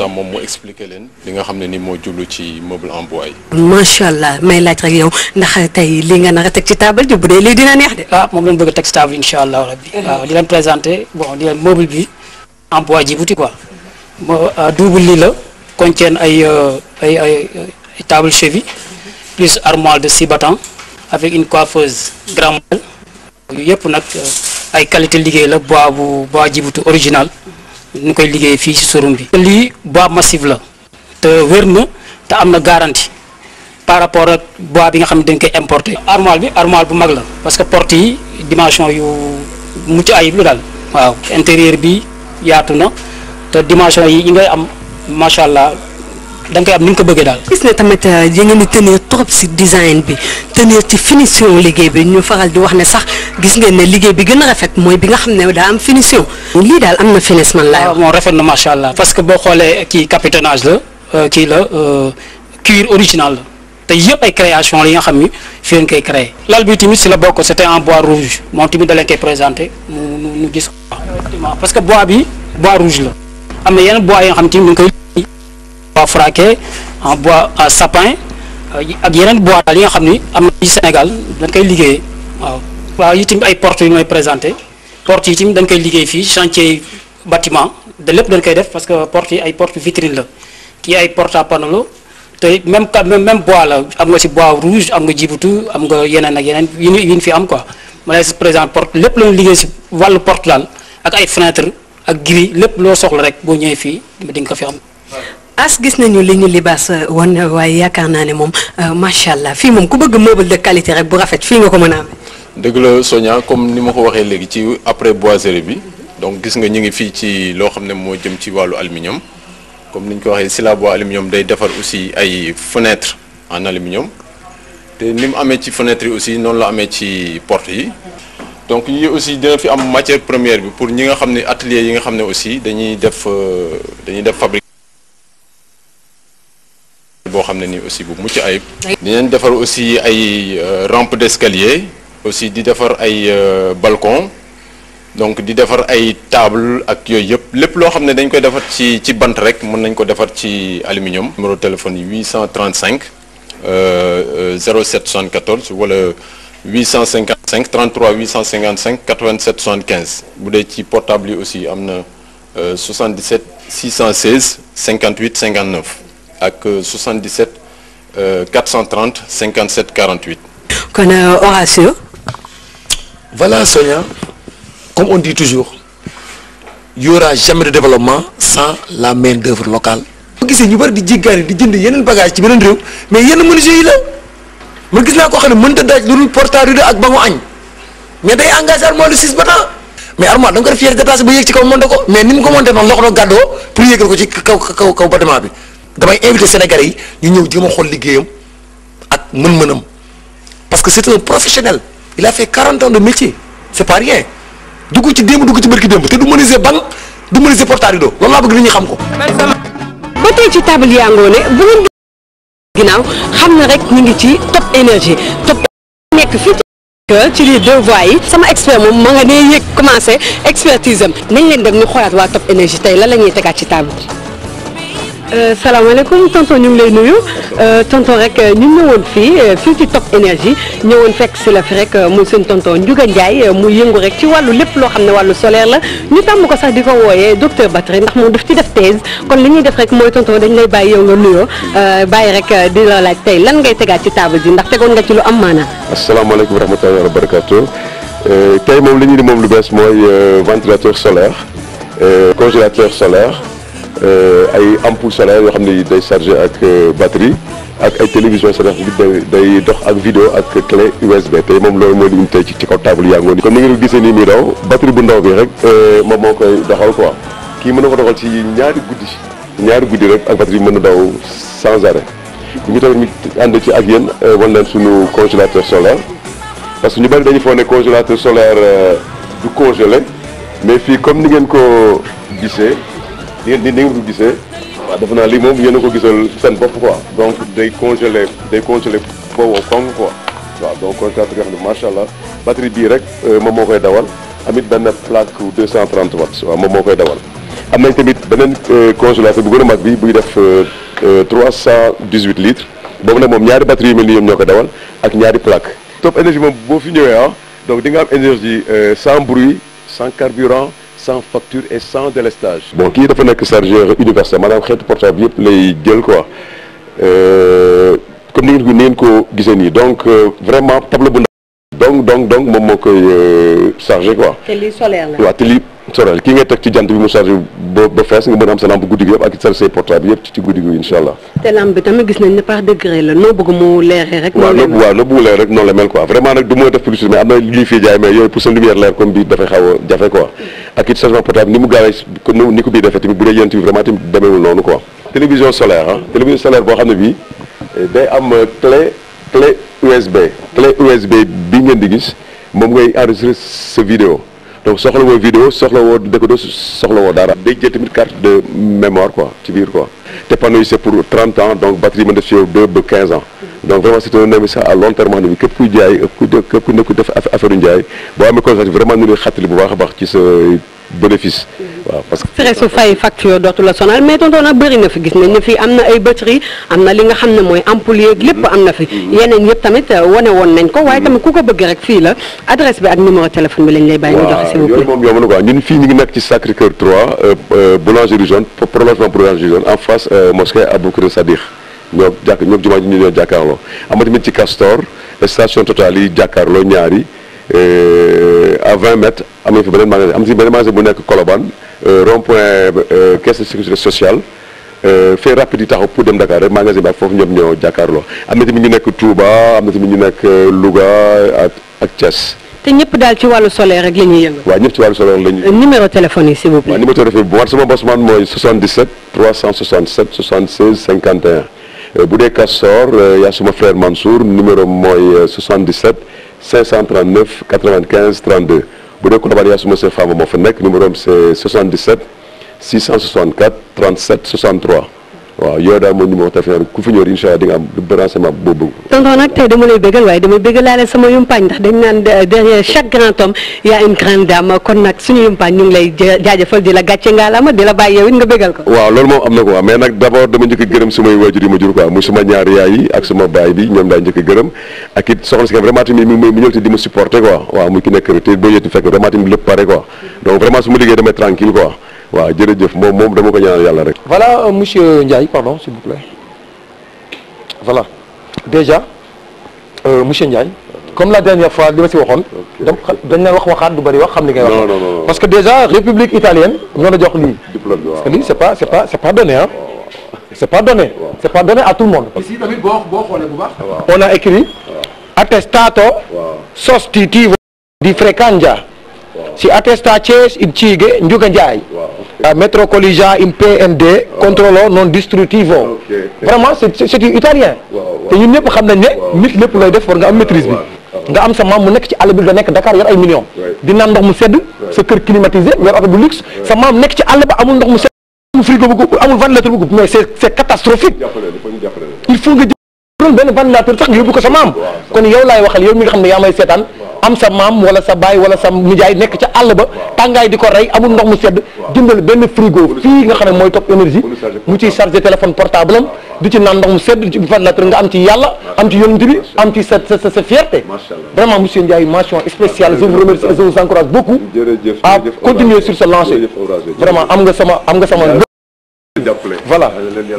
ça moom mu expliqué leen li nga xam ne ni moo jublu ci meuble en yi. macha allah may laaj rek yow ndax tey li nga nar a teg ci table ji bu lii dina neex de. ah moom lañ bëgg a teg ci table allah rabbi. waaw mm-hmm. ah, di leen présenté bon di bi en bois Djibouti quoi. ma ah, double la contient euh, ay ay ay table cheville mm-hmm. plus armoire de si battants avec une coiffeuse grand mal yooyu yëpp nag euh, ay qualité liggéey la bois bu bois Djibouti original. ñu koy liggéey fii si sorum bi lii bois massif la te wér na te am na garantie par rapport ak bois bi nga xam ne dañ koy importer armoire bi armoire bu mag la parce que porte yi dimension yu mucc ayib lu daal waaw intérieur bi yaatu na te dimension yi yi ngay am macha allah. da nga koy am ni nga ko bëggee daal. gis ne tamit euh, yéen ngeen di trop ci design bi tenir ci finition liggéey bi ñu faral di wax ne sax gis ngeen ne liggéey bi gën a rafet mooy bi nga xam ne daa am finition. lii daal am na finition man laay wax. Ah, moom rafet na macha allah parce que boo xoolee kii capitonnage la euh, kii la euh, cuir original la te yëpp ay création yi nga xam ni fii lañ koy créé. lal bi tamit si la bokk c'était en bois rouge moom tamit da leen koy présenté mu mu gis. effectivement parce que bois bi bois rouge la am na yenn bois yoo xam ne tamit mu koy. bois en bois à sapin euh, ak yeneen bois daal yi nga xam ni am na Sénégal dañ koy liggéeyee waaw waaw itam ay portes yu may présenté porte yi itam dañ koy liggéey fii chantier bâtiment de lépp dañ koy def parce que portes yi ay porte vitrine la kii ay porte à panneau la te même même bois la am nga si bois rouge am nga jibutu am nga yeneen ak yeneen yu ñu yu ñu fi am quoi ma lay présente porte lépp la ñu liggéey si wàllu porte daal ak ay fenêtre ak gris lépp loo soxla rek boo ñëwee fii di nga ko fi am. as gis nañu li ñu libaas euh, woon euh, waaye yaakaar naa ne moom euh, macha allah fii moom ku bëgg meuble de qualité rek bu rafet fii nga ko mën a amee. dëgg la Sonia comme ni ma ko waxee léegi ci après boiserie bi donc gis nga ñu ngi fii ci loo xam ne moo jëm ci wàllu aluminium comme ni ñu ko waxee Silabo aluminium day defar aussi ay fenêtre en aluminium te ni mu amee ci fenêtre yi aussi noonu la amee ci porte yi donc yii aussi dina fi am matière première bi pour ñi nga xam ne atelier yi nga xam ne aussi dañuy def dañuy def fabrique. boo xam ne nii aussi bu mu mucc ayib. dinañ defar aussi ay euh, rampe d'escalier aussi di defar ay euh, balkon donc di defar ay table ak yooyu yëpp lépp loo xam ne dañ koy defar ci ci bant rek mën nañ ko defar ci aluminium. numéro téléphone yi 835 07 74 wala 855 33 855 87 75 bu dee ci portable yi aussi am na 77 616 58 59. ak 77 430 57 48. kon euh, Horatio. voilà Sonia comme on dit toujours il y aura jamais de développement sans la main d'œuvre locale. boo gisee ñu bari di jéggaani di jënd yeneen bagage ci beneen réew mais yenn menuisier yi la man gis naa koo xam ne mënta daaj lu dul porte-à-rideau ak bangu añ mais day engagé armoire de six battants mais armoire da def yéex déplacé ba yéeg ci kaw monté ko mais ni mu ko monté man loxo la gàddoo pour yéegal ko ci kaw kaw kaw bâtiment bi. damay invité Sénégalais yi ñu ñëw jéem a xool liggéeyam ak mën-mënam parce que c'est un professionnel il a fait 40 ans de métier c'est pas rien dugg ci démb dugg ci barki démb te du menuisier banc du menuisier portarido loolu laa bëgg nit ñi xam ko. ba ci table yaa ngoone bu ngeen ginnaaw xam na rek ñu ngi ci top énergie top nekk fii ci lii deux voies yi sama expert moom ma nga nee yëg commencé expertise am nañ leen dem nu xoolaat waa top énergie tey ñuy tegaat ci table Euh, salaamaaleykum tonton ñu ngi lay nuyu euh, tonton rek euh, ñu ñëwoon fii fii ci Top Énergie ñëwoon fekk si la fi rek muy seen tonton Ndiouga Ndiaye mu yëngu rek ci wàllu lépp loo xam ne wàllu solaire la ñu tàmm ko sax di ko wooyee docteur Battery ndax moom def ci def thèse kon li ñuy def rek mooy tonton dañ lay bàyyi yow nga nuyoo bàyyi rek di la laaj tey lan ngay tegaat ci table ji ndax tegoon nga ci lu am maanaam. asalaamaaleykum wa rahmatulah wa barakaatu tey moom li ñu di moom lu bees mooy ventilateur solaire congélateur solaire. Euh, ay ampoule solaire yoo xam ne day chargé ak euh, batterie ak ay télévision solaire bi day dox ak vidéo ak clé USB tey moom loolu mooy li ñu tey ci kaw table yaa ngoon comme ni ngeen ko gisee nii muy daw batterie bu ndaw bi rek euh, moom moo koy doxal quoi kii mën na ko doxal ci ñaari ñaari guddi rek ak batterie mën na daw sans ñu ngi ànd ci ak yéen wan leen suñu congélateur solaire parce que ñu bëri dañu foog solaire du congelé fii comme ni ngeen ko gisee ni ni nga ko gisee waaw naa lii moom yéen a ko gisal seen bopp ko donc day congelé day congelé boobu kong ko waaw donc concentré nga xam ne macha allah batterie bii rek euh, moom moo koy dawal amit benn plaque 230 watts waaw moom moo koy dawal am nañ tamit beneen euh, congélateur bu gën a mag bi buy def 318 euh, litres boobu nag moom ñaari batterie yu mel ni ñoom ñoo ko dawal ak ñaari plaque top énergie moom boo fi ñëwee a ah, donc di nga am énergie sans bruit sans carburant sans facture et sans délestage. bon kii dafa nekk chargeur universel maanaam xeetu portable yëpp lay jël quoi euh, comme ni ngeen ko ni ngeen ko gisee nii donc euh, vraiment tableau bu donc donc moom moo koy euh, chargé quoi. te lii solaire la waaw te lii solaire kii ngay teg ci jant bi mu chargé ba fees nga mën am sa lampe guddi yëpp ak sa say yëpp ci guddi gi allah. te lampe bi tamit gis nañ ne par degré la noo bëgg mu leer rek noonu la mel quoi vraiment nag du mooy def publicité mais am na lii fii jaay mais yooyu pour sa lumière leer comme bii dafay xaw jafe quoi ak it changement portable ni mu gaawee ni ko bii defee tamit ah. solaire boo clé USB clé USB bi ngeen di gis moom ngay enregistrer sa vidéo donc soxla woo vidéo soxla woo décodeur soxla woo dara day jël tamit carte de mémoire quoi ci biir quoi te panneau yi c'est pour 30 ans donc batterie mën def ci yow 2 ba 15 ans donc vraiment c'est un investissement à long terme wax ne bi képp kuy jaay képp ku nekk def affaire u njaay boo amee constaté vraiment ñu ngi xattali bu baax a baax ci sa bénéfice. waaw parce que stress fay facture dootu la sonal mais tonton nag bëri na fi gis nañ ne fii am na ay batri am na li nga xam ne mooy ampoule yeeg lépp am na fi. Mm-hmm. yeneen yëpp tamit euh, wane woon nañ ko waaye mm-hmm. tamit ku ko bëgg rek fii la adresse bi ak numéro téléphone bi lañ lay bàyyi. nga joxe si waaw moom yomb na quoi ñun fii ñu ngi nekk ci Sacré Cœur 3 euh, euh, boulangerie jaune prolongement boulangerie jaune en face mosquée Aboukir Sadikh ñoo jàkk ñoo jumaa ñu ñoo jàkkaarloo am na tamit yi Euh, à 20 mètres am nañu fi beneen magasin am na si beneen magasin bu nekk Colobane euh, rond point euh, caisse de sécurité sociale fait rapide yi taxaw pour dem Dakar rek magasin bi ak foofu ñoom ñoo jàkkaarloo am na tamit ñu nekk Touba am na tamit ñu nekk Louga ak ak te ñëpp daal ci wàllu solaire rek la yëngu. waaw ñëpp ci wàllu solaire la numéro téléphone yi s'il vous plaît. waaw numéro téléphone bi bu ma sama boss man mooy 77 367 76 51. Euh, bu dee Castor euh, yaa suma frère Mansour numéro mooy 77 539 95 32 bu dee Colobane yaa suma seen femme moo fa nekk numéro am c'est 77 664 37 63 waaw yow daal moo ñu ma wax te ku fi ñëw incha am boobu tonton nag tey dama lay waaye damay béggalaale sama yumpaañ ndax dañ naan derrière chaque grand homme y a une grande dame kon nag suñu yumpaañ ñu ngi lay jaajëfal di la gàcce ngaalaama di la bàyyi yow it nga bégal ko waaw loolu moom am na ko waaw mais nag d' abord dama njëkk gërëm sumay waajur yi ma jur quoi mu suma ñaari yaay yi ak suma baay bi ñoom daay njëkk gërëm ak it waaw jërëjëf moom moom dama ko ñaanal yàlla rek. voilà euh, monsieur Ndiaye pardon s'il vous plaît voilà déjà euh, monsieur Ndiaye. comme la dernière fois li ma si waxoon. dañ la wax waxaat du bëri wax xam li ngay wax. parce que déjà république italienne ñoo la jox lii. diplôme que lii c' est pas c' est pas c' est oh, pas donné à tout le monde. on a écrit. attestato. sostitutivo di frequenza. si attestazione in Cigé Ndiouga Ndiaye. Euh, Metro Collegia in PND controllo non distruttivo vraiment c'est du italien te ñun ñëpp xam ne nit lépp looy def war nga am maîtrise bi nga am sa maam mu nekk ci àll bi nga nekk Dakar yor ay millions di naan ndox mu sedd sa kër climatisé yor oto bu luxe sa maam nekk ci àll ba mais c'est catastrophique il faut nga loolu benn candidature sax yóbbu ko sa maam kon yow laay waxal yow mi nga xam ne yaa may seetaan am sa maam wala sa baay wala sa nijaay nekk ca àll ba tàngaay di ko rey amul ndox mu sedd jëndal benn frigo fii nga xam ne mooy Top Énergie mu ciy chargé téléphone portable am di ci naan ndox mu sedd ci ventilateur nga am ci yàlla am ci yonent bi am sa sa vraiment am nga sama am nga sama voilà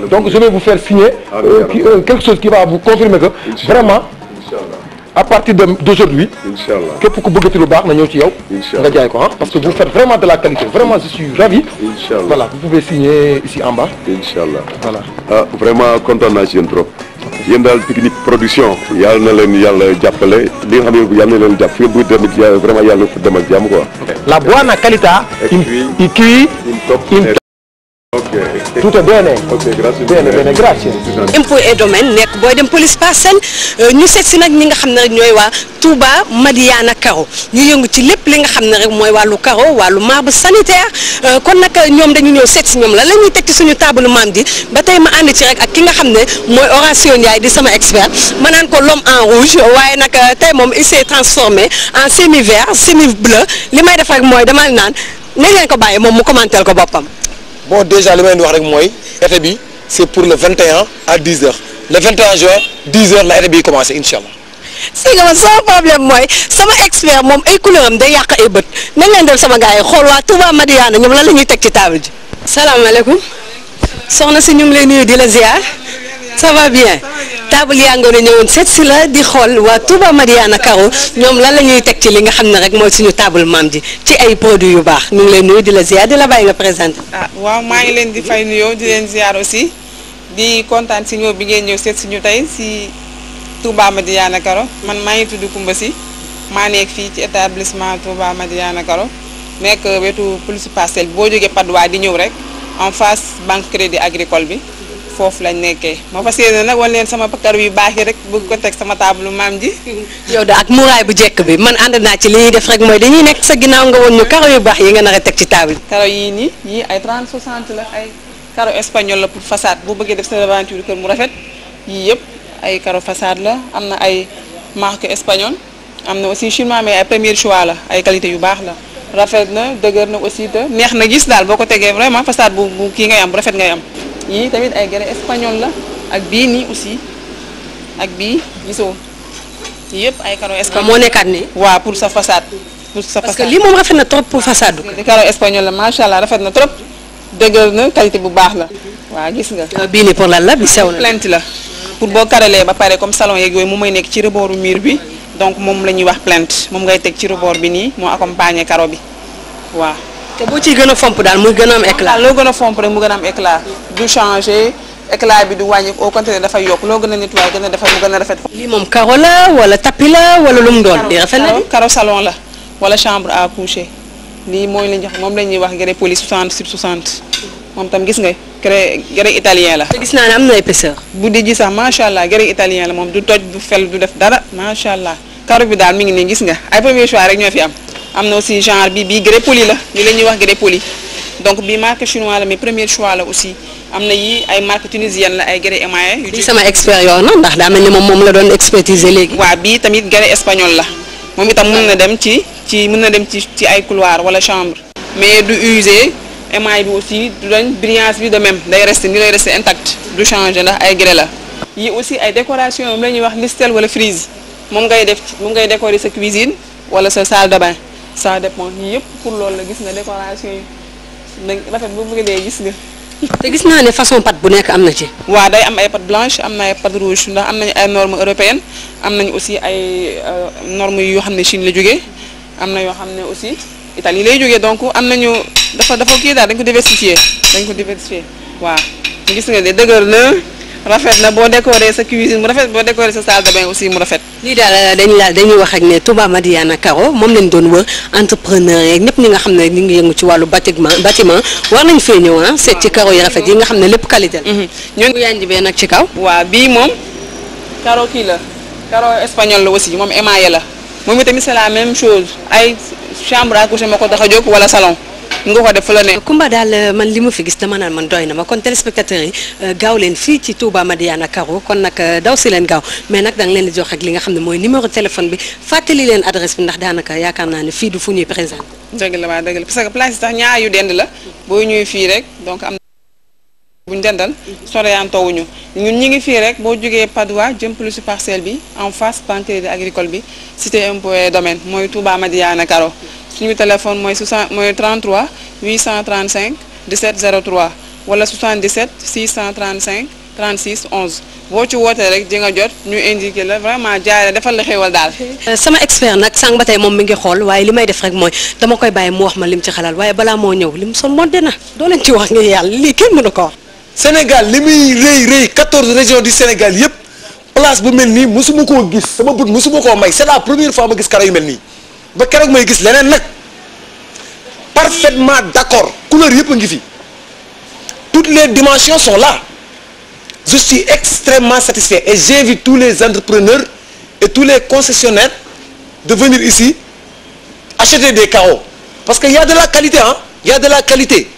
donc je vais vous faire signer ah, euh, euh, quelque chose qui va vous confirmer que vraiment à partir de d'aujourd'hui inchallah képp ku bëggati lu baax na ñëw ci ah, parce que vous faites vraiment de la qualité vraiment je suis ravi voilà vous pouvez signer ici en bas voilà ah vraiment kontaan naa ci yéen trop yéen daal Piknic Production yàlla na leen yàlla jàppale vraiment yàlla fu dem ak jàmm quoi la buona qualità in cui in ok tutto bene. ok grazie bene bene et domaine nekk booy dem police parcelle euh, ñu seet si nag ñi nga xam ne rek ñooy waa Touba Madiana Caro ñu yëngu ci lépp li nga xam ne rek mooy wàllu caro wàllu marbre sanitaire euh, kon nag euh, ñoom dañu ñëw seet si ñoom la la ñuy teg ci suñu table maam ji ba tey ma ànd ci rek ak ki nga xam ne mooy Horatio Ndiaye di sama expert ma naan ko lom en rouge waaye nag tey moom il s'est transformé en semi vert semi bleu li may def rek mooy dama naan nañ leen ko bàyyi moom mu commenter ko boppam. bon déjà lu may wax rek mooy été bi c'est pour le 21 à 10 heures le 21 juin 10 heures la été bi commencé incha allah. si nga man sama problème mooy sama expert moom ay couleur am day yàq ay bët nañ leen dal sama gars yi xool waa Touba Madiana ñoom lan la ñuy teg ci table ji. salaamaaleykum soxna si ñu ngi lay nuyu di la ziar ça va bien. table yaa ngoon a ñëwoon seet si la di xool waa Touba Mariana Karo ñoom lan la ñuy teg ci li nga xam ne rek mooy suñu table maam ji ci ay produits yu baax ñu ngi leen nuyu di la ziar di la bàyyi nga présenté. ah waaw maa ngi leen di fay nuyo di leen ziar aussi di kontaan si ñëw bi ngeen ñëw seet si ñu tey si Touba Mariana Karo man maa ngi tudd Koumba si maa nekk fii ci établissement Touba Mariana Karo nekk wetu police parcelle boo jógee Padois di ñëw rek en face banque crédit agricole bi. foofu lañ nekkee moo fas yéene nag wan leen sama bakkar yu baax yi rek bëgg ko teg sama taabalu maam ji. yow da ak muuraay bu jekk bi man ànd naa ci li ñuy def rek mooy dañuy nekk sa ginnaaw nga woon ñu karo yu baax yi nga nar a teg ci taabal. karo yii nii yii ay 30 60 la ay karo espagnol la pour façade boo bëggee def sa devanture kër mu rafet yii yëpp ay karo façade la am na ay marque espagnol am na aussi chinois mais ay premier choix la ay qualité yu baax la. rafet na dëgër na aussi te neex na gis daal boo ko tegee vraiment façade bu bu kii ngay am rafet ngay am. yii tamit ay grès espagnol la ak bii nii aussi ak bii gisoo yëpp ay carreaux espagnol moo nekkaat nii. waaw pour sa façade. pour sa façade parce que lii moom rafet na trop pour façade. carreaux espagnol la macha allah rafet na trop dëgër na qualité bu baax la. waaw gis nga. Ah, bii nii pour lan la bi sew na. plinthe la pour boo karalee ba pare comme salon yeeg yooyu mu may nekk ci rebooru miir bi donc moom la ñuy wax plinthe moom ngay teg ci rebord bi nii moo accompagner carreau bi boo ciy gën a fomp daal muy gën a am éclat. a fomp mu gën a am éclat du changé éclat bi du wàññi au contraire dafay yokk loo gën a nettoyé gën a defar mu gën a rafet. lii moom caro la wala wala lu mu doon. di rafet na salon la wala chambre à coucher lii mooy la ñu moom la ñuy wax grès poli 60 sur 60 moom tam gis nga grès grès italien la. te gis naa ne am na épaisseur. bu di ji sax macha allah grès italien la moom du toj du fel du def dara macha allah caro bi daal mi ngi ne gis nga ay premier choix rek ñoo fi am. am na aussi genre bi bii grès poli la li la ñuy wax grès poli donc bi marque chinois la mais premier choix la aussi am na yi ay marque tunisienne la ay grès émaillé yu sama expert yoon na ndax daa mel ni moom la doon expertiser léegi waaw bii tamit grès espagnol la moom itam mën na dem ci ci mën na dem ci ci ay couloir wala chambre mais du usé émail bi aussi du doon brillance bi de même day resté ni lay resté intact du changé ndax ay grès la yi aussi ay décoration moom la ñuy wax listel wala frise moom ngay def moom ngay décorer sa cuisine wala sa salle de bain ça dépend yii yëpp pour loolu la gis nga décoration yi nañ rafet bu bëgg dee gis nga. te gis naa ne façon pâte bu nekk am na ci. waaw day am ay pâte blanche am na ay pâte rouge ndax am nañu ay normes européennes am nañu aussi ay euh, normes yoo xam ne Chine la jógee am na yoo xam ne aussi Italie lay jógee donc am nañu dafa dafa kii daal dañ ko diversifier dañ ko diversifier waaw gis nga de dëgër na. rafet na boo décoré sa cuisine mu rafet boo décoré sa salle de bain aussi mu rafet. lii daal dañu la dañuy wax ak ne Touba Madiana Caro moom lañ doon wër entrepreneur yeeg ñëpp ñi nga xam ne ñi ngi yëngu ci wàllu bâtiment bâtiment war nañ fee ñëw ah seet ci caro yi rafet yi nga xam ne lépp qualité la. Mhm. ñooñu yànji bee nag ci kaw. waa bii moom caro kii la caro espagnol la aussi moom émaillé la moom itamit c'est la même chose ay chambre à coucher moo ko tax a jóg wala salon. nga ko def la ne Kumba daal euh, man li ma fi gis dama naan man doy na ma kon téléspectateurs yi euh, gaaw leen fii ci Touba Madiana Karo kon nag euh, daw si leen gaaw mais nag da leen di jox ak li nga xam ne mooy numéro téléphone bi fàttali leen adresse bi ndax daanaka yaakaar naa ne fii du fu ñuy présent dëgg la waaw dëgg la parce que place yi tax ñaar yu dend la boo ñuy fii rek donc am bu ñu dendal soreyantowuñu ñun ñi ngi fii rek boo jógee Padois jëm si parcelle bi en face banque agricole bi cité impôt domaine mooy Touba Madiana suñu téléphone mooy 60 mooy 33 835 17 03 wala 77 635 36 11 boo ci wootee rek di nga jot ñu indiqué la vraiment jaare defal la xéewal daal. Euh, sama expert nag sànq ba tey moom mi ngi xool waaye li may def rek mooy dama koy bàyyi mu wax ma lim ci xalaat waaye balaa moo ñëw lim son modde na doo leen ci wax ngir yàlla lii kenn mënu ko wax. Sénégal li muy rëy rëy 14 régions du Sénégal yëpp place bu mel nii koo gis sama bët mosuma koo may c'est la ma gis kara yu mel nii. ba keroog may gis leneen nag parfaitement d'accord couleur yëpp a ngi fi toutes les dimensions sont là je suis extrêmement satisfait et j'invite tous les entrepreneurs et tous les concessionnaires de venir ici acheter des carreaux parce que y a de la qualité ah y a de la qualité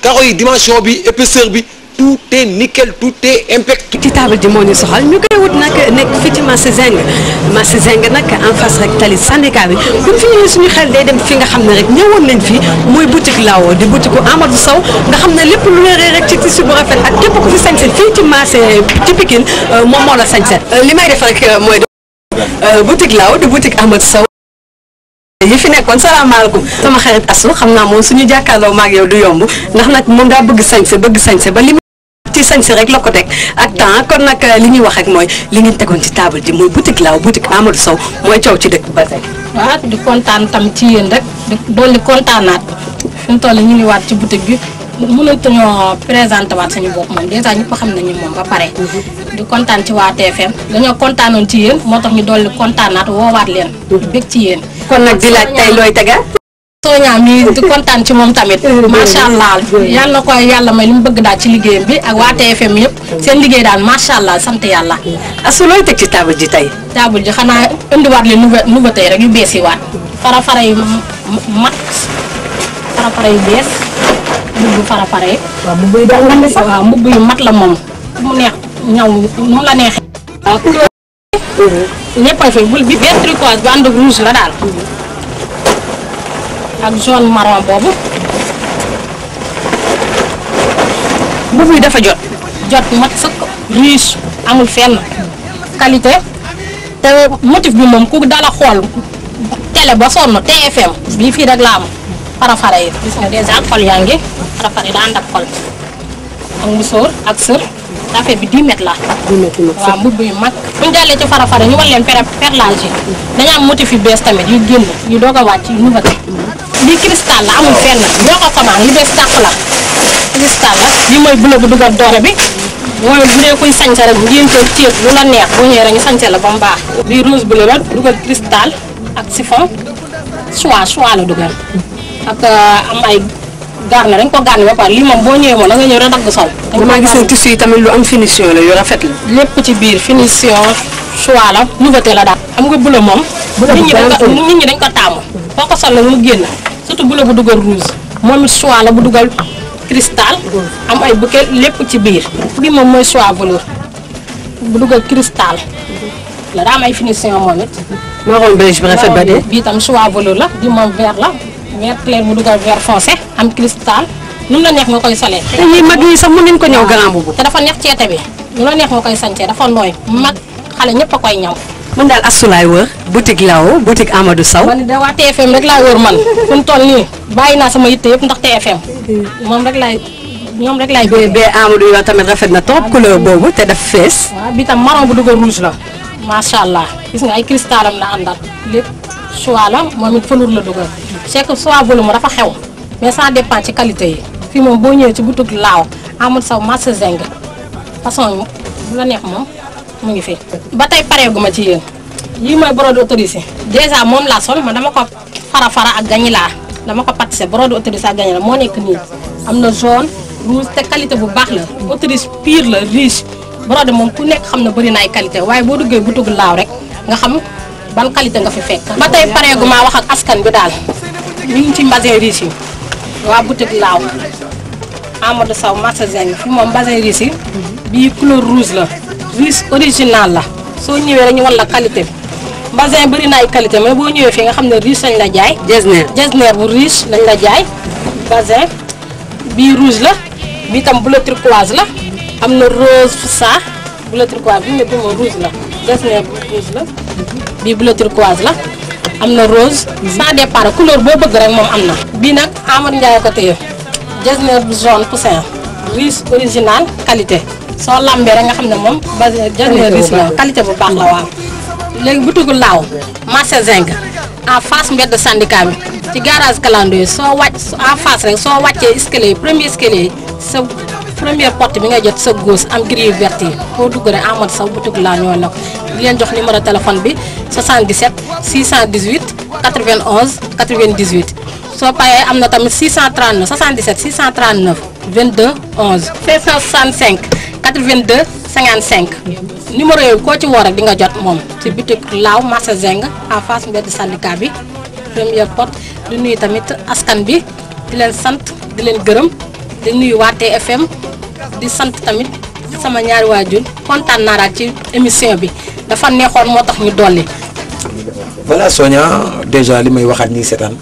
carreaux yi dimension bi épaisseur bi tout est nickel tout est impeccable. ci table ji moo ñu soxal ñu koy wut nag nekk fii ci marché Zing marché Zing nag en face rek tali syndicat bi buñ fi ñëwee suñu xel day dem fi nga xam ne rek ñëwoon nañ fii mooy boutique Lao di boutique Amadou saw nga xam ne lépp lu leeree rek ci tissu bu rafet ak képp ku fi sañse fii ci marché ci Pikine euh, moom moo la sañse euh, li may def rek euh, mooy boutique Lao di boutique Amadou Sow. yi fi nekkoon ko sama xarit aslu xam naa moom suñu jàkkaarloo maag yow du yomb ndax nag moom daa bëgg sañse bëgg ci sañse rek la ko teg ak temps kon nag li ñuy wax rek mooy li ngeen tegoon ci table ji mooy boutique laaw boutique Amadou Sow mooy coow ci dëkk ba tey. waaw di kontaan tam ci yéen rek di dolli kontaanaat fi mu toll ñu ngi waat ci boutique bi. mënatuñoo présenté waat suñu bopp moom dèjà ñëpp xam nañu moom ba pare. Mhm. di kontaan ci waa TFM dañoo kontaanoon ci yéen moo tax ñu dolli kontaanaat woowaat leen. Mhm. bég ci yéen. kon nag di laaj tey looy tegal. Sonia mi di kontaan ci moom tamit macha allah yal na ko yàlla may li mu bëgg daal ci liggéeyam bi ak waa TFM yëpp seen liggéey daal macha allah sant yàlla. asu looy teg ci table ji tey. taabul ji xanaa indiwaat li nouveauté rek yu bees yi waat fara fara yu mat fara fara yu bees mbubb fara yu mat la moom mu neex ñaw mu la neexee. waaw ñëpp a bul bi benn turquoise bu ànd rouge la daal. ak jaune marron boobu mbubb dafa jot jot mat sëkk riche amul fenn qualité te motif bi moom ku dala xool télé ba sonn TFM bii fii rek la am farafara yi gis nga dèjà xol yaa ngi farafara yi daa ànd ak xol ak musóor ak sër affaire bi 10 mètres la. 10 mètres yu mag waaw mbubb yu mag. bu ñu jàllee ci farafara ñu war leen per perlage yi. Mm. dañu motif yu bees tamit yu génn yu doog a wàcc yu nouveauté. lii mm. cristal la amul fenn ñoo ko commande li bees tàq la. cristal la lii mooy bleu bu dugal doore bi. mooy bu dee kuy sañse rek ngénte ceeb lu la neex bu ñëwee rek ñu sañse la ba mu baax. lii rose bleu la dugal cristal ak chiffon choix choix la dugal. ak euh, am garne dañ ko garne ba pare lii moom boo ñëwee moom da nga ñëw rek dagg sol. damaa gis ne tissu yi tamit lu am finition la yu rafet la. lépp ci biir finition choix la nouveauté la daal. nga bula moom. bula bu dañ ko taamu. foo ko sol la mu génn surtout bula bu dugal rouge moom it choix la bu am ay bouquet lépp ci biir. bi moom mooy choix velours bu dugal cristal. la daa am ay finition moom it. marron beige bi rafet ba dee. bii tam choix velours la bi moom vert la. vert clair mu dugal vert foncé am cristal nu mu la neex nga koy solee. te ñii mag yi sax mën nañu ko ñëw grand boobu. te dafa neex ceete bi lu la neex nga koy sañcee dafa nooy mag xale ñëpp a koy ñaw. man daal asulaay wër boutique Lao boutique Amadou Sow. da TFM rek laa wër man fu mu toll nii bàyyi naa sama yitte yëpp ndax TFM moom rek laay ñoom rek laay. bee bee Amadou tamit rafet na trop couleur boobu te daf fees. bi tam marron bu dugal rouge la. macha allah gis nga ay cristalam la àndal lépp choix la moom la c'est que soit volume dafa xew mais ça dépend ci qualité yi fii moom boo ñëwee ci boutique laaw amul saw marché zeng façon bu la neex moom mu ngi fi. ba tey pareegu ma ci yéen lii mooy brode autorisé dèjà moom laa sol ma dama ko fara fara ak gañilaa dama ko patissé brode autorisé ak gañilaa moo nekk nii am na jaune te qualité bu baax la autorisé pire la riche brode moom ku nekk xam na bëri na ay qualité waaye boo duggee boutique laaw rek nga xam ban qualité nga fi fekk. ba tey pareegu maa wax ak askan bi daal. ñu ngi ci mbasin riche yi waa boutique laaw Amadou Sow magasin fi moom mbasin riche yi bii couleur rouge la riche original la soo ñëwee rek ñu wan la qualité bi mbasin bëri na ay qualité mais boo ñëwee fii nga xam ne riche lañ la jaay jesner jesner bu riche lañ la jaay mbasin bii rouge la bii tam bleu turquoise la am na rose fuchsia bleu turquoise bi ne bi moom rouge la jesner bu rouge la bii bleu turquoise la am na rose sans départ couleur boo bëgg rek moom am na bii nag Amadou Ndiaye ko téye jasner bu jaune poussin riche original qualité soo lambee rek nga xam ne moom jasner riche la qualité bu baax la waaw léegi butigu laaw marché zinc en face mbedd syndicat bi ci garage Kalando yi soo wàcc en face rek soo wàccee escalier yi premier escalier yi sa première porte bi nga jot sa gauche am grille verte yi boo dugg rek Amadou Sow boutique la ñoo la di leen jox numéro téléphone bi 77 618 91 98 soo payee am na tamit 639 77 639 22 11 565 82 55 numéro yooyu koo ci woo rek di nga jot moom ci boutique Laaw marché Zeng en face mbedd syndicat bi première porte di nuyu tamit askan bi di leen sant di leen gërëm di nuyu waa TFM di sant tamit sama ñaari waajur kontaan naa daal ci émission bi dafa neexoon moo tax ñu dolli. voilà Sonia déjà li may waxaat ñi seetaan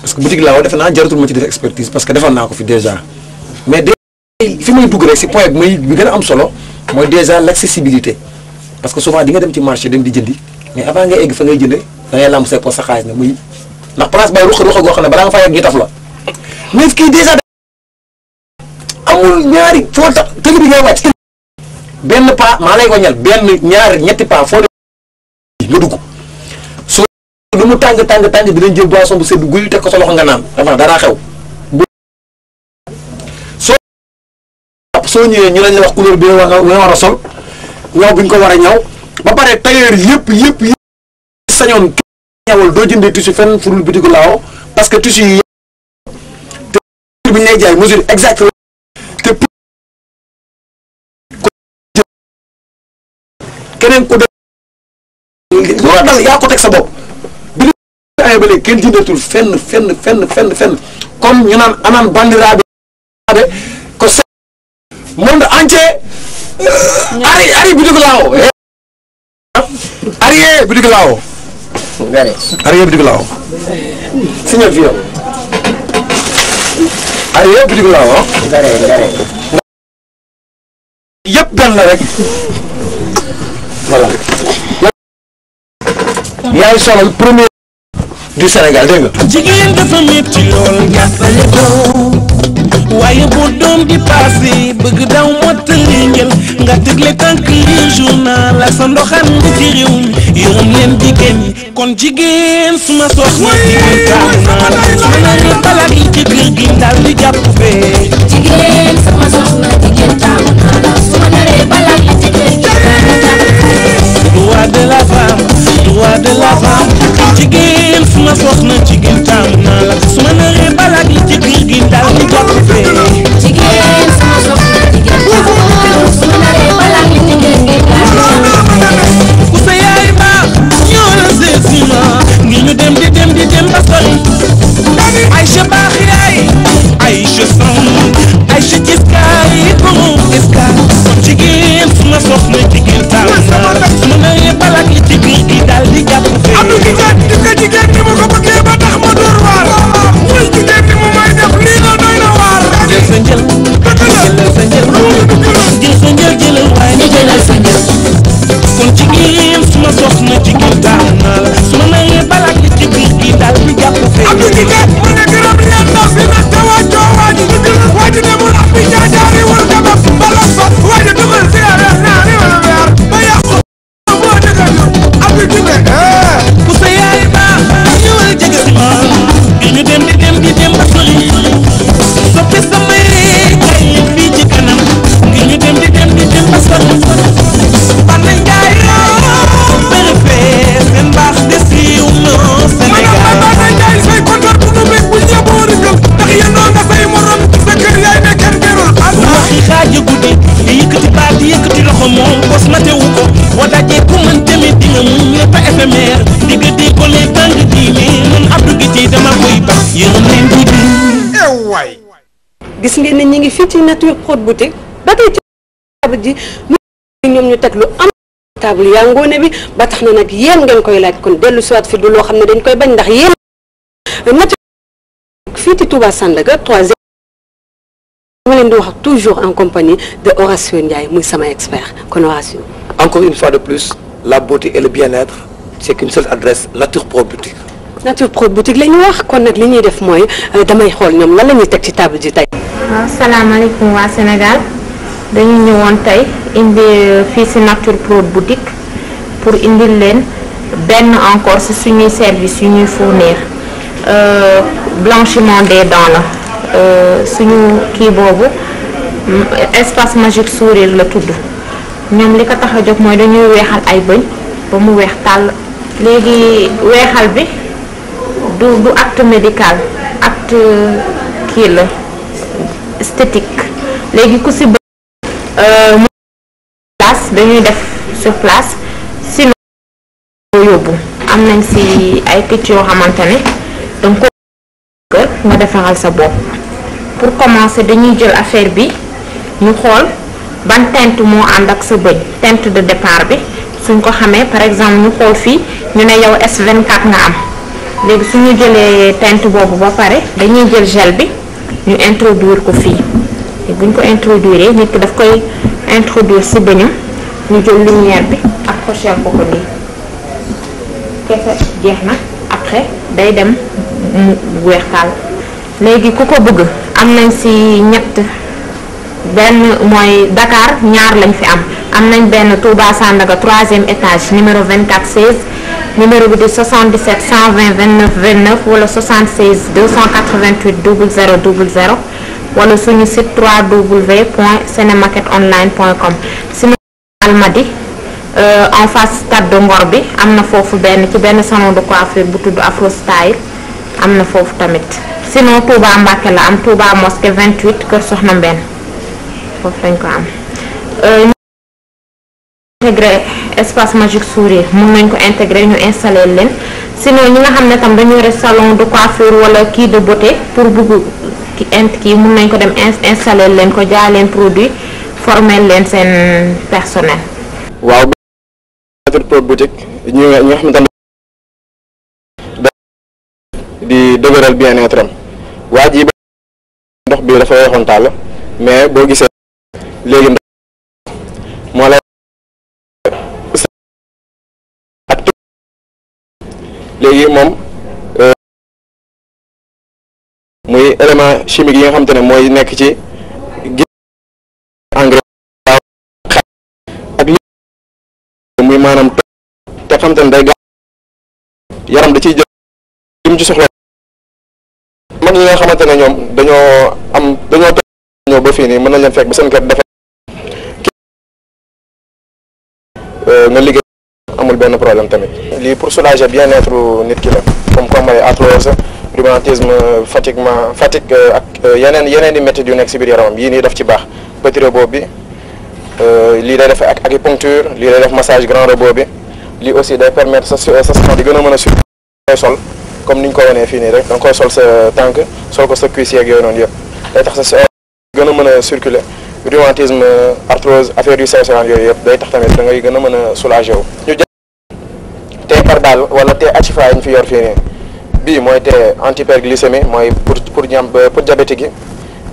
parce que boutique laa wax defe naa jaratul ma ci def expertise parce que defal naa ko fi déjà mais fi si point bi may bi am solo mooy déjà l'accessibilité parce que souvent di nga dem ci marché dem di jëndi mais avant ngay egg fa ngay jënde da ngay say poche sa xaalis ne muy ndax place bay ruqa ruqa goo xam ne balaa nga fay egg ñu taf la mais kii déjà amul ñaari foo tax tëli bi ngay benn pas maa lay wañal benn ñaar ñetti pas foo def nga dugg soo lu mu tàng tàng tàng dinañ jël boisson bu sedd guy teg ko sa loxo nga naan avant daraa xew soo soo ñëwee ñu lañ wax couleur bi nga war a sol ñaw bi ñu ko war a ñaw ba pare tailleur yëpp yëpp yëpp sañoon ñawal doo jëndee tissu fenn furul bitigu laaw parce que tissu te bi ñu lay keneen ku dee lu la dal yaa ko teg sa bopp bi ñu kenn dindatul fenn fenn fenn fenn comme ñu naan anaan bandiraabe ko monde entier euh, ari ari bidig laawo eh, ariye bidig laawo ariye bidig laawo signal fi yow ariye bidig laawo yëpp rek voilà. yaay solal premier du dafa métti lool jàppale ko waaye bu di passé bëgg daw mottali ngel nga tëgle tànk li journal ak sa ndoxan nga ci réew leen jigéen ñi kon jigéen suma soxna jigéen taamu naa la ma naree balaat ci kër gi daal di jàpp fee. ci nature prod boutique ba tey ci table ji mu ñoom ñu teg lu am table yaa ngoone bi ba tax na nag yéen ngeen koy laaj kon dellu siwaat fi du loo xam ne dañ koy bañ ndax yéen nature fii ci Touba Sandaga troisième ma leen di wax toujours en compagnie de Horatio Ndiaye muy sama expert kon Horatio encore une fois de plus la beauté et le bien-être c'est qu'une seule adresse nature pro boutique nature pro boutique la ñu wax kon nag li ñuy def mooy euh, damay xool ñoom lan la ñuy teg ci table ji tey waaw salaamaaleykum waa Sénégal dañu ñëwoon tey indi euh, fii si Nature Prod boutique pour indi leen benn encore si suñuy service yu ñuy fournir euh, blanchiment des dents la euh, suñu kii boobu mm, espace magique sourire la tudd ñoom li ko tax a jóg mooy dañuy weexal ay bëñ ba mu weex tàll léegi weexal bi du du acte médical acte kii la esthétique léegi ku si bëgg euh, place dañuy def sur place am nañ si ay kit yoo xamante ne danga ko kër nga defaral sa bopp pour commencer dañuy jël affaire bi ñu xool ban teinte moo ànd ak sa bëj teinte de départ bi suñ ko xamee par exemple ñu xool fii ñu ne yow S24 nga am léegi suñu jëlee tent boobu ba pare dañuy jël gel bi ñu introduire ko fii buñ ko introduire nit ki daf koy introduire si bëñam ñu jël lumière bi accrocher ko ko nii kese jeex na après day dem mu weex tàll léegi ku ko bëgg am nañ si ñett benn mooy Dakar ñaar lañ fi am am nañ benn Touba Sandaga troisième étage numéro 24 16 numéro bi di 77 120 29 29 wala 76 288 00 00 wala suñu site 3w point senemaket online point com sinon almadi euh, en face stade de Ngor bi am na foofu benn ci benn salon de coiffure bu tudd afro am na foofu tamit sinon Touba Mbacke la am Touba mosquée 28 kër Soxna Mbenn foofu lañ ko am. Euh, intégré espace magique sourire mën nañ ko intégré ñu installé leen sinon ñi nga xam ne tam dañu yore salon de coiffure wala kii de beauté pour bugg ki int kii mën nañ ko dem installé leen ko jaay leen produit former leen seen personnel. waaw boobu pro boutique ñi nga xamante ne di dëgëral bien-être am waa ji boo gisee léegi moom euh, muy élément chimique yi nga xamante ne mooy nekk ci engrais ak li muy maanaam te xamante ne day gaaw yaram da ciy jël lim ci soxla mag ñi nga xamante ne ñoom dañoo am dañoo toog ñëw ba fi nii mën nañ leen fekk ba seen kër dafa euh, liggéey amul benn problème tamit lii pour soulager bien-être nit ki la comme comme ay arthrose rhumatisme fatiguement fatigue euh, ak euh, yeneen yeneen di métti yu nekk si biir yaramam yii nii daf ci baax petit robot bi euh, lii day def ak acupuncture lii day def massage grand robot bi lii aussi day permettre sa sa di gën a mën a suivre koy sol comme ni ñu ko wanee fii nii rek da koy sol sa tànk sol ko sa cuisse yeeg yooyu yëpp day tax gën a mën a circuler rhumatisme arthrose affaire yu sew yooyu yëpp day tax tamit da ngay gën a mën a soulager par balle wala tee achifra yi ñu fi yor fii nii bii mooy tee antihyperglycémie mooy pour pour ñu am pour diabétique yi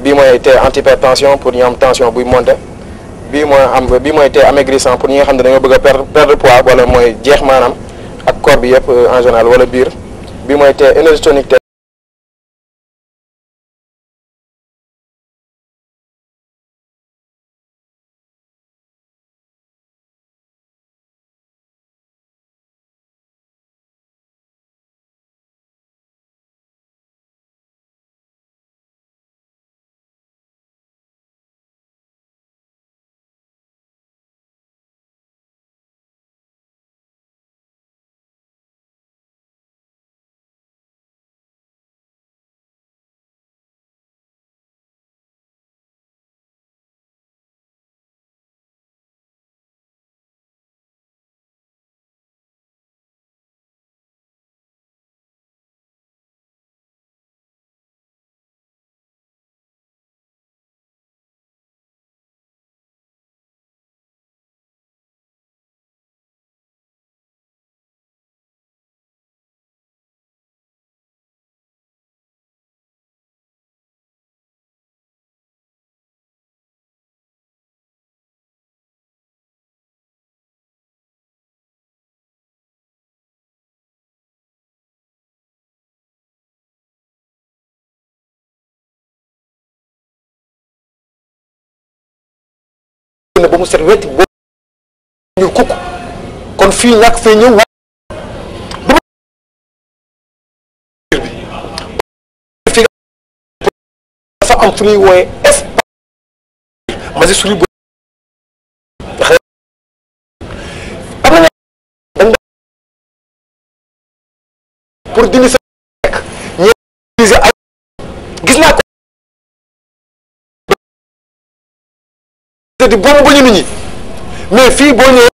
bii mooy tee antihypertension pour ñu am tension buy monter bii mooy am bii mooy tee amaigrissant pour ñi nga xam ne dañoo bëgg a perdre perdre poids wala mooy jeex maanaam ak corps bi yëpp euh, en général wala biir bii mooy tee énergie tonique na ba mu set wecc boo ñuul kukk kon fii ñàkk fee ñëw dafa am fu ñuy wooye espace majuscule bu am na pour dindi sa yëkkati boobu ba ñu ñi mais fii boo ñëwee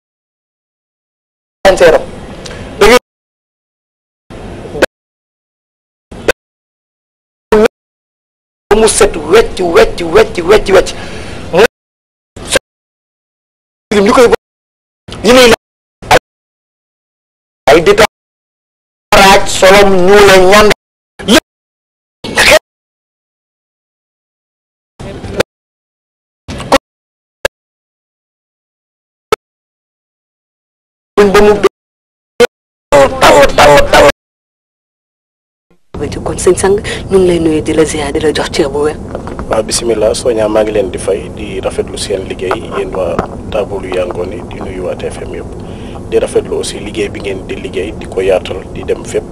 mu set wecc wecc wecc wecc wecc mo ñu koy yi lay ay détail solom ñu la ñand sëñ sang ñu ngi lay nuyu di la ziar di la jox ceeb bu wér. waaw bisimilah Sonia maa ngi leen di fay di rafetlu seen liggéey yéen waa taaboolu Yangoon yi di nuyu waa TFM yëpp di rafetlu aussi liggéey bi ngeen di liggéey di ko yaatal di dem fép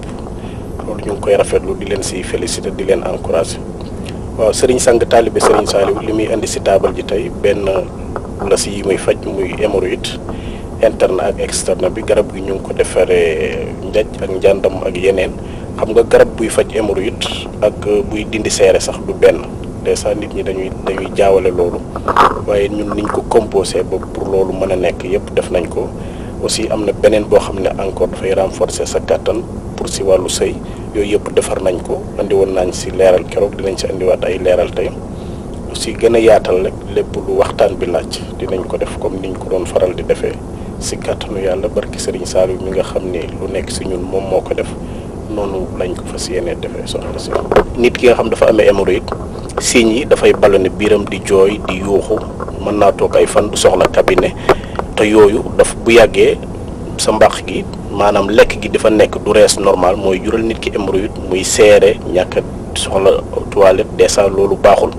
loolu ñu ngi koy rafetlu di leen si féliciter di leen encourager waaw sëriñ Sang taalibe Serigne Saliou li muy indi si taabal ji tey benn la si yi muy faj muy hémorroïde interne ak externe bi garab gi ñu ngi ko defaree njaj ak njàndam ak yeneen. xam nga garab buy faj hémorroïde ak buy dindi seere sax du benn des sa nit ñi dañuy dañuy jaawale loolu waaye ñun niñ ko composé ba pour loolu mën a nekk yëpp def nañ ko aussi am na beneen boo xam ne encore dafay renforcer sa kàttan pour si wàllu sëy yooyu yëpp defar nañ ko andi woon nañ si leeral keroog dinañ si indiwaat ay leeral tey aussi gën a yaatal rek lépp lu waxtaan bi laaj dinañ ko def comme niñ ko doon faral di defee si kàttanu yàlla barki Serigne Saliou mi nga xam ne lu nekk si ñun moom moo ko def noonu lañ ko fas yéenee defee soxna si nit ki nga xam dafa amee hémorroïde signes yi dafay ballonné biiram di jooy di yuuxu mën naa toog ay fan du soxla cabinet te yooyu daf bu yàggee sa mbaq gi maanaam lekk gi dafa nekk du rees normal mooy jural nit ki hémorroïde muy seere ñàkk soxla toilette dèjà loolu baaxul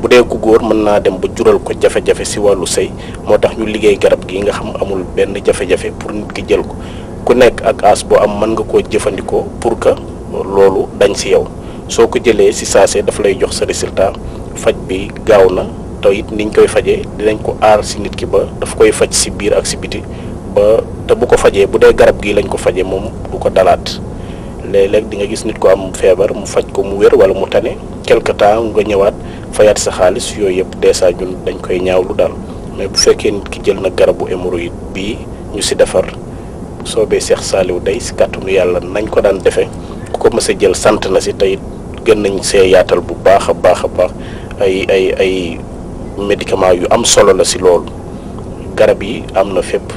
bu dee ku góor mën naa dem ba jural ko jafe-jafe si wàllu sëy moo tax ñu liggéey garab gi nga xam amul benn jafe-jafe pour nit ki jël ko ku nekk ak as boo am mën nga koo jëfandikoo pour que loolu dañ si yow soo ko jëlee si saasee dafa lay jox sa résultat faj bi gaaw na te it niñ koy fajee dinañ ko aar si nit ki ba daf koy faj si biir ak si biti ba te bu ko fajee bu dee garab gii lañ ko fajee moom du ko dalaat léeg-léeg di nga gis nit ko am feebar mu faj ko mu wér wala mu tane quelque temps nga ñëwaat fayaat sa xaalis yooyu yëpp dèjà ñun dañ koy ñaaw ñaawlu daal mais bu fekkee nit ki jël na garabu hémorroïde bii ñu si defar soobee Cheikh saaliw day si kàttanu yàlla nañ ko daan defee ku ko mës jël sant na si tey gën nañ see yaatal bu baax a baax a baax ay ay ay médicament yu am solo la si loolu garab yi am na fépp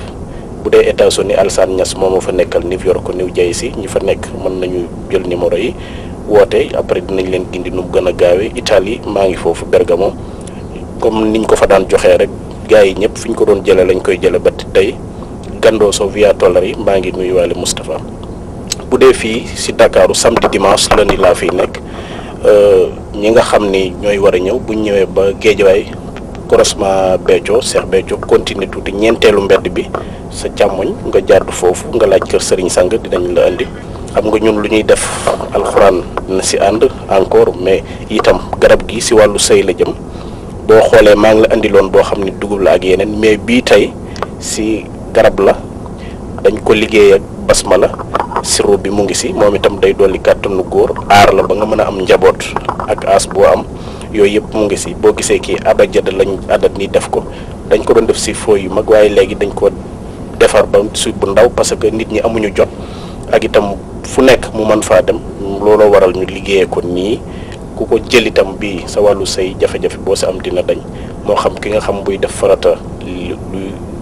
bu dee États-Unis Alassane moom moo ma fa nekkal New York New si ñu fa nekk mën nañu jël numéro yi woote après dinañ leen gindi nu gën a gaawee itali maa ngi foofu Bergamo comme niñ ko fa daan joxee rek gars yi ñëpp fi ñu ko doon jëlee lañ koy jëlee ba tey. Gandoo Sow via Tolari maa ngi nuyuwaale Moustapha bu dee fii si Dakaaru samedi dimanche lundi laa fiy nekk euh, ñi nga xam ni ñooy war a ñëw bu ñëwee ba Géejawaay croisement Béthio Cheikh Béthio continuer tuuti ñeenteelu mbedd bi sa càmmoñ nga jàddu foofu nga laaj kër sëriñ Sang dinañ la indi xam nga ñun lu ñuy def alxuraan na si ànd encore mais itam garab gi si wàllu sëy la jëm boo xoolee maa ngi la indiloon boo xam ni dugub la ak yeneen mais bii tey si garab la dañ ko liggéey ak basmala sirop bi mu ngi si moom itam day dolli kàttanu góor aar la ba nga mën a am njaboot ak aas boo am yooyu yëpp mu ngi si boo gisee kii abajada lañ adat nii def ko dañ ko doon def si fooy yu mag waaye léegi dañ ko defar ba su bu ndaw parce que nit ñi amuñu jot ak itam fu nekk mu mën faa dem looloo waral ñu liggéeyee ko nii ku ko jël itam bi sa wàllu say jafe-jafe boo si am dina dañ moo xam ki nga xam buy def farata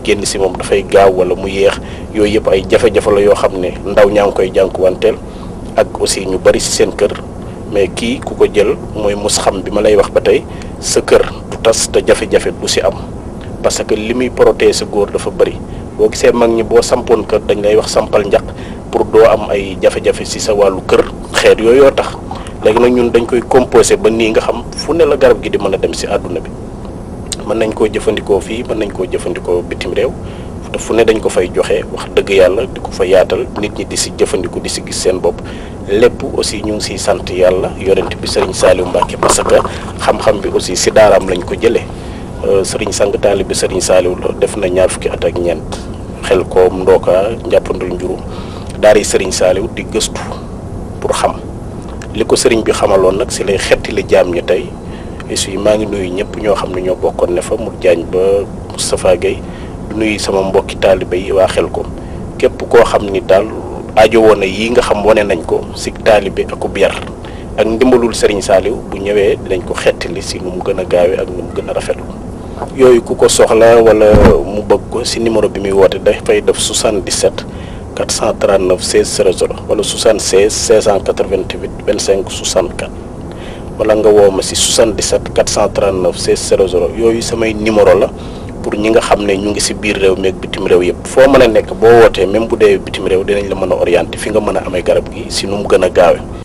génn si moom dafay gaaw wala mu yéex yooyu yëpp ay jafe-jafe la yoo xam ne ndaw ñaa ngi koy jànkuwanteel ak aussi ñu bari si seen kër mais kii ku ko jël mooy mus xam bi ma lay wax ba tey sa kër du tas te jafe-jafe du si am parce que li muy protéger sa góor dafa bari boo gisee mag ñi boo sampoon kër dañ lay wax sampal njaq pour doo am ay jafe-jafe si sa wàllu kër xeet yooyu yoo tax léegi nag ñun dañ koy composé ba nii nga xam fu ne la garab gi di mën a dem si àdduna bi mën nañ koo jëfandikoo fii mën nañ koo jëfandikoo bitim réew te fu ne dañ ko fay joxe wax dëgg yàlla di ko fa yaatal nit ñi di si jëfandiku di si gis seen bopp lépp aussi ñu ngi siy sant yàlla yorent bi Serigne Saliou Mbacke parce que xam-xam bi aussi si daaraam lañ ko jëlee euh, Serigne sang taali bi Serigne saaliw la def na ñaar fukki at ak ñeent xel koom ndooka njàppandul njurum daara yi Serigne Saliou di gëstu pour xam li ko Serigne bi xamaloon nag si lay xetti li jaam ñi tey. bis yi maa ngi nuyu ñëpp ñoo xam ne ñoo bokkoon ne fa mu ba Moustapha Gueye du nuyu sama mbokki taaliba yi waa xel ko képp koo xam ni daal aajo woon yii nga xam wane nañ ko si taalibe ak ub yar ak ndimbalul Serigne Saliou bu ñëwee dinañ ko li si nu mu gën a ak nu mu gën a rafetlu yooyu ku ko soxla wala mu bëgg ko si numéro bi muy woote dafay def 77 439 16 00 wala 76 688 25 64 wala nga woo ma si 77 439 16 00 yooyu samay numéro la pour ñi nga xam ne ñu ngi si biir réew mi ak bitim réew yëpp foo mën a nekk boo wootee même bu dee bitim réew dinañ la mën a orienté fi nga mën a amee garab gi si nu mu gën a gaawe